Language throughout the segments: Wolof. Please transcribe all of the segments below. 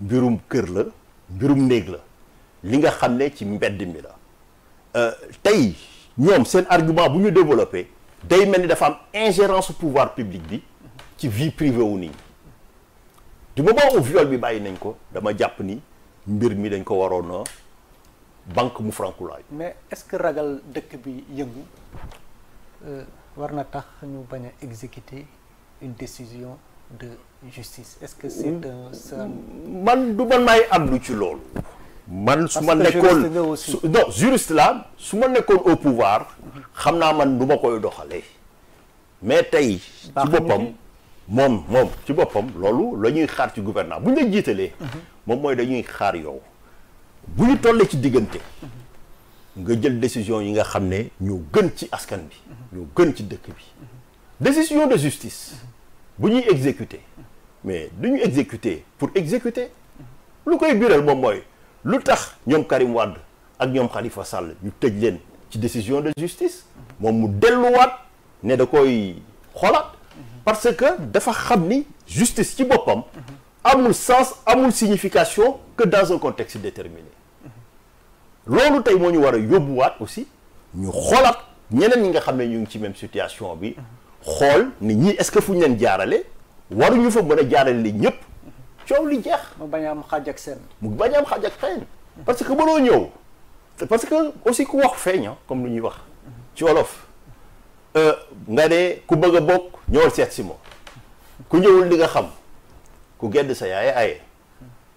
mbirum kër la mbirum néeg la li nga xam ne ci mbedd mi la euh, tey ñoom seen argument bu ñu développé day mel ni dafa am ingérence pouvoir public bi ci vie privée wu nit ñi du moment où viol bi bàyyi nañ ko dama jàpp ni mbir mi dañ ko waroon na banque mu frankulaay mais est-ce que ragal dëkk bi yëngu euh, war na tax ñu bañ a exécuter une décision de justice est-ce que c'est mm. un mm. man du man maay am ci loolu. man su ma nekkoon non juriste la su ma nekkoon au pouvoir xam naa man du ma koy doxalee mais tey ci boppam moom moom ci boppam loolu la ñuy xaar ci gouvernement bu ñu la jiitalee mhm. moom mooy dañuy xaar yow bu ñu tollee ci diggante mhm. nga jël décision yi nga xam ne ñoo gën ci askan bi mhm. ñoo gën ci dëkk bi décision de justice bu ñuy exécuter mais du ñu exécuter pour exécuter lu koy biral moom mooy lu tax ñoom Karim Wade ak ñoom Khalifa Sall ñu tëj leen ci décision de justice moom mu delluwaat ne da koy xoolaat parce que dafa xam ni justice ci boppam amul sens amul signification que dans un contexte déterminé loolu tey moo ñu war a yóbbuwaat aussi ñu xoolaat ñeneen ñi nga xam ne ñu ngi ci même situation bi xool ni ñi est-ce que fu ñu leen jaarale waruñu fa mën a jaarale li ñëpp coow li jeex. mu bañ a am seen. mu bañ a am xaaj ak seen parce que mënoo ñëw parce que aussi ku wax feeñ ah, comme lu ñuy wax ci wolof euh, nga ne ku bëgg a bokk ñëwal seet si moom ku ñëwul li nga xam ku gedd sa yaay aye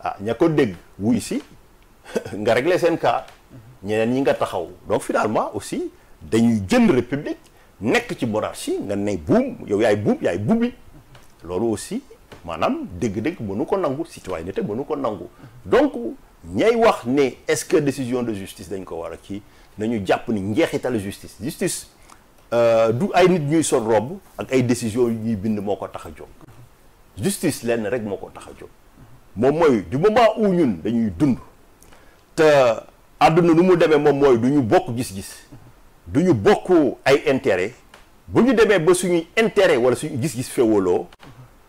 ah ña ko dégg wuy si nga régler seen cas ñeneen ñi nga taxaw donc finalement aussi dañuy jënd république. nekk ci monarchie nga ne buum yow yaay buum yaay buubi loolu aussi maanaam dégg-dégg mënu ko nangu citoyenneté mënu ko nangu donc ñay wax ne est-ce que décision de justice dañ ko war a ci nañu jàpp ni njeexital justice justice euh, du ay nit ñuy sol robe ak ay décision yu ñuy bind moo ko tax a jóg justice lenn rek moo ko tax a jóg moom mooy du moment où ñun dañuy dund te àdduna nu mu demee moom mooy du ñu bokk gis-gis du ñu bokk ay intérêt bu ñu demee ba suñuy intérêt wala suñu gis-gis féewaloo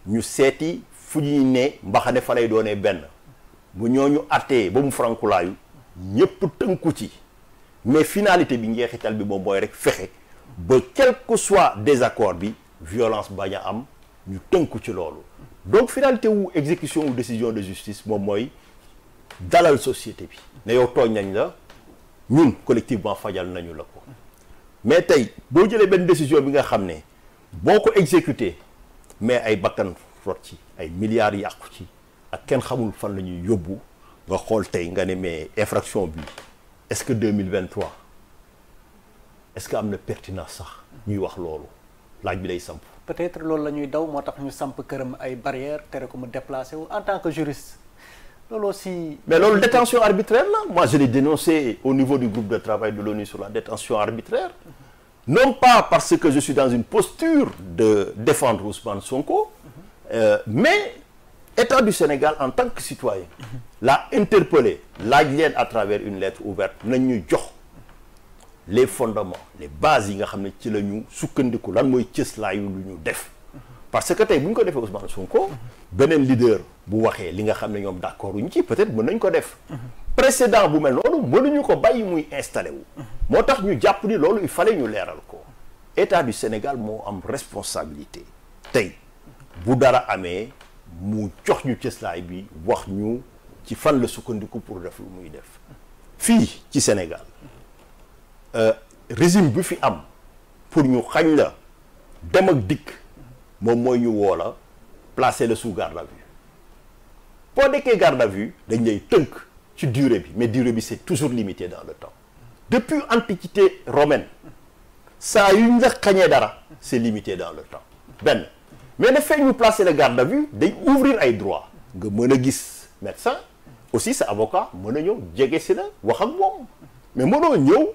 ñu seeti fu ñuy ne mbaxane fa lay doonee benn bu ñu attee ba mu farankulaayu ñépp tënku ci mais finalité bi njeexital bi moom mooy rek fexe ba quel que soit désaccord bi violence bañ a am ñu tënku ci loolu donc finalité wu exécution ou décision de justice moom mooy dalal société bi ne yow tooñ nañ la ñun collectivement fajal nañu la ko mais tey boo jëlee benn décision bi nga xam ne boo ko exécuté mais ay bakkan rot ci ay milliards yàqu ci ak kenn xamul fan la ñuy yóbbu nga xool tey nga ne mais infraction bi est-ce que 2023 est-ce que am na pertinence sax ñuy wax loolu laaj bi day samp peut-être loolu la ñuy daw moo tax ñu samp këram ay barrières tere ko mu déplacé wu en tant que juriste loolu aussi. mais loolu détention arbitraire la moi je l'ai dénoncé au niveau du groupe de travail de l'ONU sur la détention arbitraire non pas parce que je suis dans une posture de défendre Ousmane Sonko euh, mais État du Sénégal en tant que citoyen l'a interpellé laaj leen à travers une lettre ouverte nañ ñu jox les fondements les bases yi nga xam ne ci la ñu sukkandiku lan mooy cëslaayu lu ñu def parce que tey bu ñu ko defee Ousmane ko beneen leader bu waxee li nga xam ne ñoom d'accord uñ ci peut-être mën nañ ko def précédent bu mel noonu mënuñu ko bàyyi muy installé moo tax ñu jàpp ni loolu il fallait ñu leeral ko état du Sénégal moo am responsabilité tey bu dara amee mu jox ñu cëslaay bi wax ñu ci fan la sukkandiku pour def lu muy def fii ci Sénégal euh, régime bi fi am pour ñu xañ la dem ak dikk moom mooy ñu woo la placer le sous garde à vue boo nekkee garde à vue dañ lay tënk ci dure bi mais durée bi c'est toujours limité dans le temps depuis antiquité romaine saa yu ñu xañee dara c'est limité dans le temps benn mais na fait ñu placer le garde à vue day ouvrir ay droits nga mën a gis médecin aussi sa avocat mën a ñëw jege si la wax ak moom mais mënoo ñëw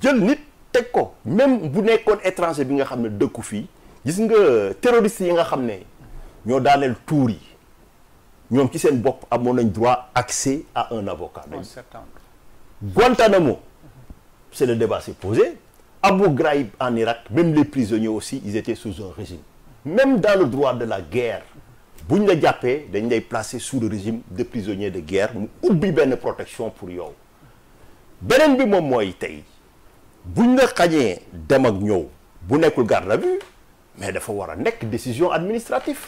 jël nit teg ko même bu nekkoon étranger bi nga xam ne dëkku fii gis nga terroristes yi nga xam ne ñoo daaneel tour yi ñoom ci seen bopp amoon nañ droit accès à un avocat. en septembre Guantanamo c'est le débat s'est posé Abu Ghraib en Irak même les prisonniers aussi ils étaient sous un régime même dans le droit de la guerre bu ñu la jàppee dañ lay placer sous le régime de prisonniers de guerre mu ubbi benn protection pour yow beneen bi moom mooy tey bu ñu la xañee dem ak ñëw bu nekkul garde à vue mais dafa war a nekk décision administrative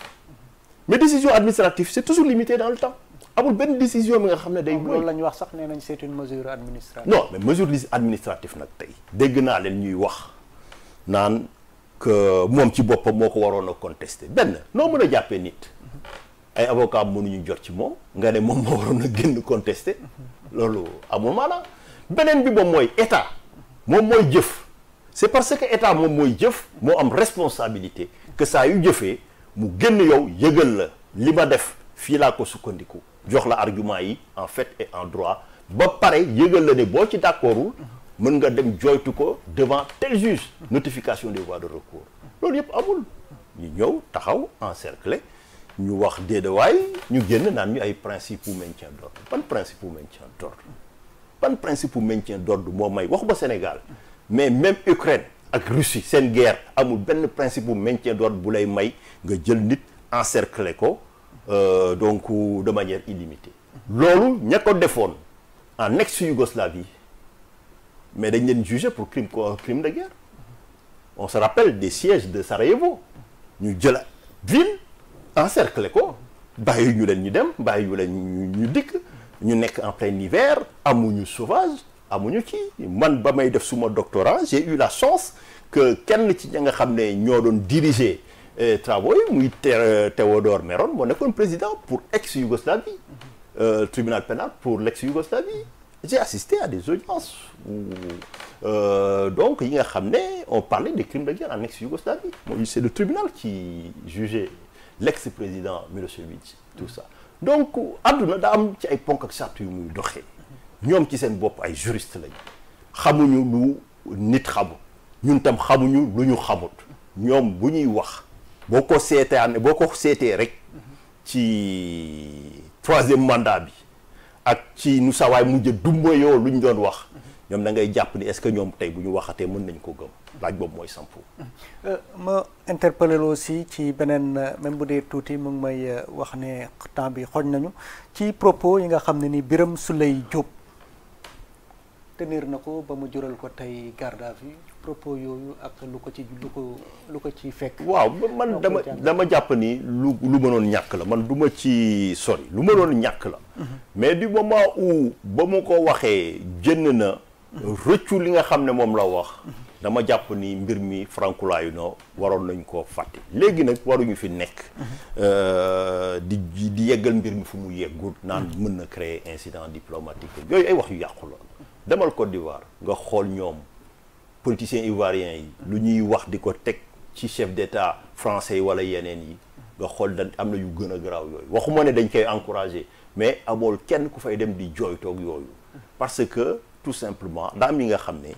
mais décision administrative c'est toujours limité dans le temps amul benn décision bi nga xam ne day. loolu la wax sax ne nañ c'est une mesure administrative. non mais mesure administrative nag tey dégg naa leen ñuy wax naan que moom ci boppam moo ko waroon a contester benn noo mën a jàppee nit ay avocat mënuñu jot ci moom nga ne moom moo waroon a génn contester loolu amul maanaam beneen bi moom mooy état moom mooy jëf. c'est parce que état moom mooy jëf moo am responsabilité que saa yu jëfee mu génn yow yëgal la li ma def fii laa ko sukkandiku jox la argument yi en fait et en droit ba pare yëgal la ne boo ci d'accordul mën nga dem joytu ko devant tel juge notification des voies de recours loolu yëpp amul ñu ñëw taxaw en encerclé ñu wax déedawaay ñu génn naan ñu ay principe u maintien d'ordre ban principe u maintien d'ordre ban principe u maintien d'ordre moo may wax ba Sénégal mais même Ukraine ak Russie seen guerre amul benn principe bu maintien d'ordre bu lay may nga jël nit encercler ko euh, donc de manière illimitée loolu ña ko defoon en ex-Yougoslavie mais dañ leen jugé pour crime crime de guerre on se rappelle des sièges de Sarajevo ñu jël ville encercler ko bàyyi ñu leen ñu dem bàyyi ñu leen ñu dikk ñu nekk en plein hiver amuñu sauvage amuñu ci man ba may def suma doctorat j'ai eu la chance que kenn ci ña nga xam ne ñoo doon diriger eh, travaux yi muy euh, Théodore Meron moo nekkoon président pour ex Yougoslavie euh, tribunal pénal pour l'ex Yougoslavie j'ai assisté à des audiences où euh, donc yi nga xam ne on parlait des crimes de guerre en ex Yougoslavie mooy c'est le tribunal qui jugeait l'ex président Milosevic tout ça donc àdduna daa am ci ay ponk ak charte yu muy doxee ñoom ci seen bopp ay juriste lañ xamuñu lu nit xamut ñun tam xamuñu lu ñu xamut ñoom bu ñuy wax boo ko seetaan boo ko seetee rek ci troisième mandat bi ak ci nu sawaay mujj dumba yoo lu ñu doon wax ñoom da ngay jàpp ni est-ce que ñoom tey bu ñu waxatee mën nañ ko gëm laaj boobu mooy sampu. Euh, ma interpellé aussi ci beneen même bu dee tuuti mu ngi may euh, wax ne temps bi xooj nañu ci propos yi nga xam ne ni Birame Souleye Diop. tenir na ko ba ma jural ko tey garde à vue propos yooyu ak lu ko ci lu ko lu ko ci fekk. waaw man dama dama jàpp ni lu lu mënoon ñàkk la man duma ci sori lu mënoon ñàkk la. Mhm. mais du moment où ba mu ko waxee jën na. rëccu li nga xam ne moom la wax. Mhm. dama jàpp ni mbir mi frankulaayu noo waroon nañ koo fàtte léegi nag waruñu fi nekk mhm. euh, di ji di yeggal mbir mi fu mu yeggul naan mën na créer incident diplomatique yooyu ay wax yu yàqu la demal Côte d'Ivoire nga xool ñoom politiciens ivoiriens yi lu ñuy wax di ko teg ci chef d'état français wala yeneen yi nga xool da am na yu gën a garaaw yooyu waxuma ne dañ koy encourager mais amool kenn ku fay dem di jooytoog yooyu parce que tout simplement daam yi nga xam ne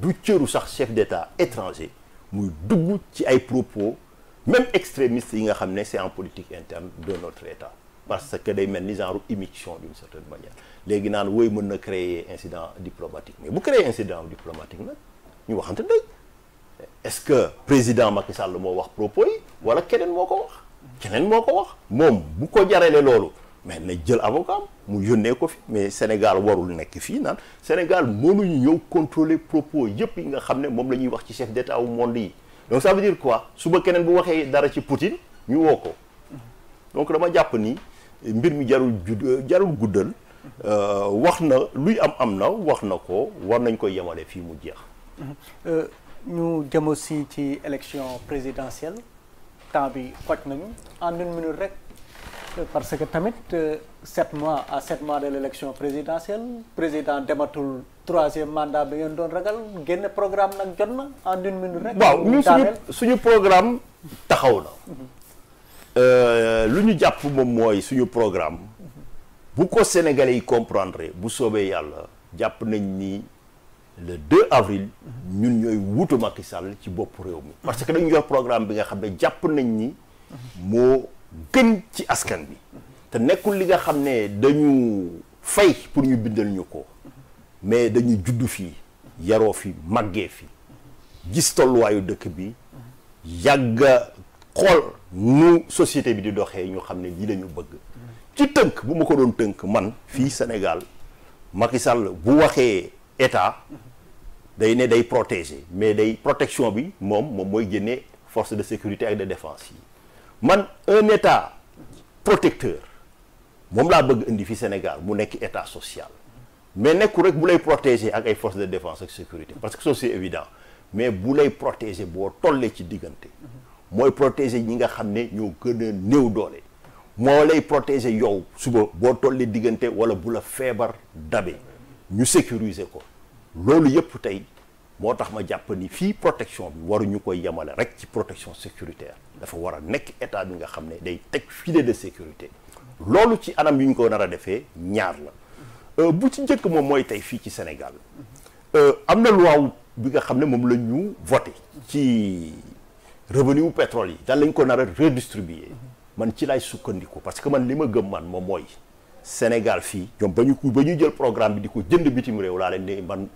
du cëru sax chef d'état étranger muy dugg ci ay propos même extrémistes yi nga xam ne c'est en politique interne de notre état parce que day mel ni genre immixtion d'une certaine manière léegi naan wooy mën na créer incident diplomatique mais bu créer incident diplomatique nag ñu waxante dëgg est-ce que président Macky Sall moo wax propos yi wala keneen moo ko wax keneen moo ko wax moom bu ko jaralee loolu mais na jël avocat mu yónnee ko fi mais Sénégal warul nekk fii naan Sénégal mënuñu ñëw contrôler propos yëpp yi nga xam ne moom la ñuy wax ci chef d'état wu monde yi donc ça veut dire quoi suba keneen bu waxee dara ci Poutine ñu ko donc dama jàpp ni mbir mi jarul judd jarul guddal euh, wax na luy am am na wax na ko war nañ ko yemale fii mu jeex euh, ñu jëm si ci élection présidentielle temps bi xoj nañu en une minute rek parce que tamit euh, sept mois à sept mois de l'élection présidentielle président dematul troisième mandat bi ngeen doon ragal génn programme nag jot na en une minute rek waaw ñun suñu suñu programme taxaw na mhm. Euh, lu ñu jàpp moom mooy suñu programme bu ko sénégalais yi comprendre bu soobee yàlla jàpp nañ ni le 2 avril ñun ñooy wutu Macky ci bopp réew mi parce que dañu yor programme bi nga xam ne jàpp nañ ni moo gën ci askan bi te nekkul li nga xam ne dañu fay pour ñu bindal ñu ko mais dañu juddu fii yaroo fi màggee fi gis tolluwaayu dëkk bi yàgga xool nu société bi di doxee ñoo xam ne lii la bëgg ci tënk bu ma ko doon tënk man fii Sénégal Macky Sall bu waxee état day ne day protéger mais day protection bi moom moom mooy génne force de sécurité ak de défense yi man un état protecteur moom laa bëgg indi fi Sénégal mu nekk état social mais nekku rek bu lay protéger ak ay forces de défense ak sécurité parce que ça c'est évident mais bu lay protéger boo tollee ci diggante mooy protéger ñi nga xam ne ñoo gën a néew doole moo lay protéger yow suba boo tollee diggante wala bu la feebar dabe ñu sécuriser ko loolu yëpp tey moo tax ma jàpp ni fii protection bi waruñu ko yemale rek ci protection sécuritaire dafa war a nekk état bi nga xam ne day teg filet de sécurité loolu ci anam yu ñu ko nar a defee ñaar la euh, bu ci njëkk moom mooy tey fii ci Sénégal euh, am na loi bi nga xam ne moom la ñu ci revenu pétrole yi dan lañ ko nar a redistribuer man ci laay sukkandiku parce que man li ma gëm man moom mooy Sénégal fii ñoom ba ñu ku ba ñu jël programme bi di ko jënd bitim réew laa leen ne man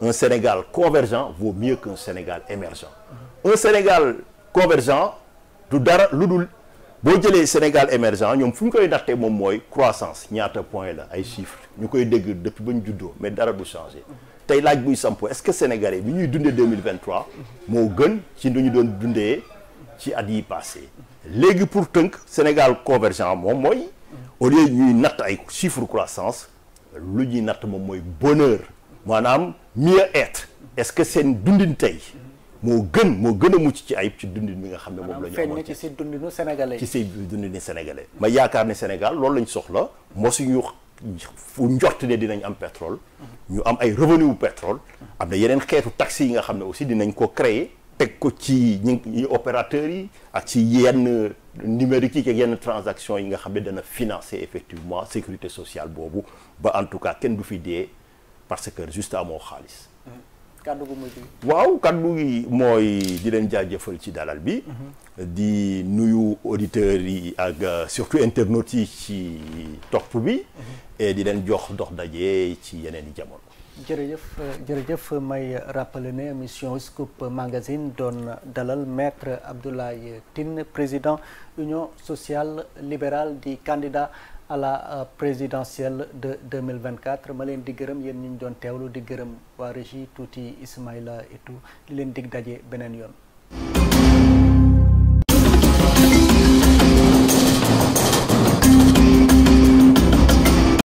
un Sénégal convergent vaut mieux qu'un Sénégal émergent mmh. un Sénégal convergent du dara lu dul boo jëlee Sénégal émergent ñoom fu ñu koy nattee moom mooy croissance ñaata point la ay chiffres ñu koy dégg depuis ba ñu juddoo mais dara du changé mmh. tey laaj buy sampo est-ce que sénégalais bi ñuy dundee 2023 moo gën ci lu ñu doon dundee ci at yi passé léegi pour tënk Sénégal convergent moom mooy au lieu ñuy natt ay chiffre croissance lu ñuy natt moom mooy bonheur maanaam mieux-être est-ce que seen dundin tey moo gën moo gën a mucc ci ayib ci dundin bi nga xam ne moom la ñu amoon ci seen dundinu sénégalais ci seen dundinu sénégalais ma yaakaar ne Sénégal loolu lañu soxla mosuñu fu njort ne dinañ am pétrole ñu am ay revenu wu pétrole am na yeneen xeetu taxes yi nga xam ne aussi dinañ ko créer teg ko ci ñi opérateurs yi ak ci yenn numérique yi ak yenn transaction yi nga xam ne dana financer effectivement sécurité sociale boobu ba en tout cas kenn du fi dee parce que juste amoo xaalis mm-hmm. kàddu gu mujj waaw kàddu gi mooy di leen jaajëfal ci dalal bi. Mhm. di nuyu auditeurs yi ak euh, surtout internautes yi ci topp bi. Mhm. et di leen jox dox daje ci yeneen jamono. jërëjëf jërëjëf may rappelé ne émission Scoop Magazine doon dalal maître Abdoulaye Tine président union sociale libérale di candidat. à la euh, présidentielle de 2024 ma leen di gërëm yéen ñu doon teewlu di gërëm waa régie tuuti Ismaïla et tout di leen dig daje beneen yoon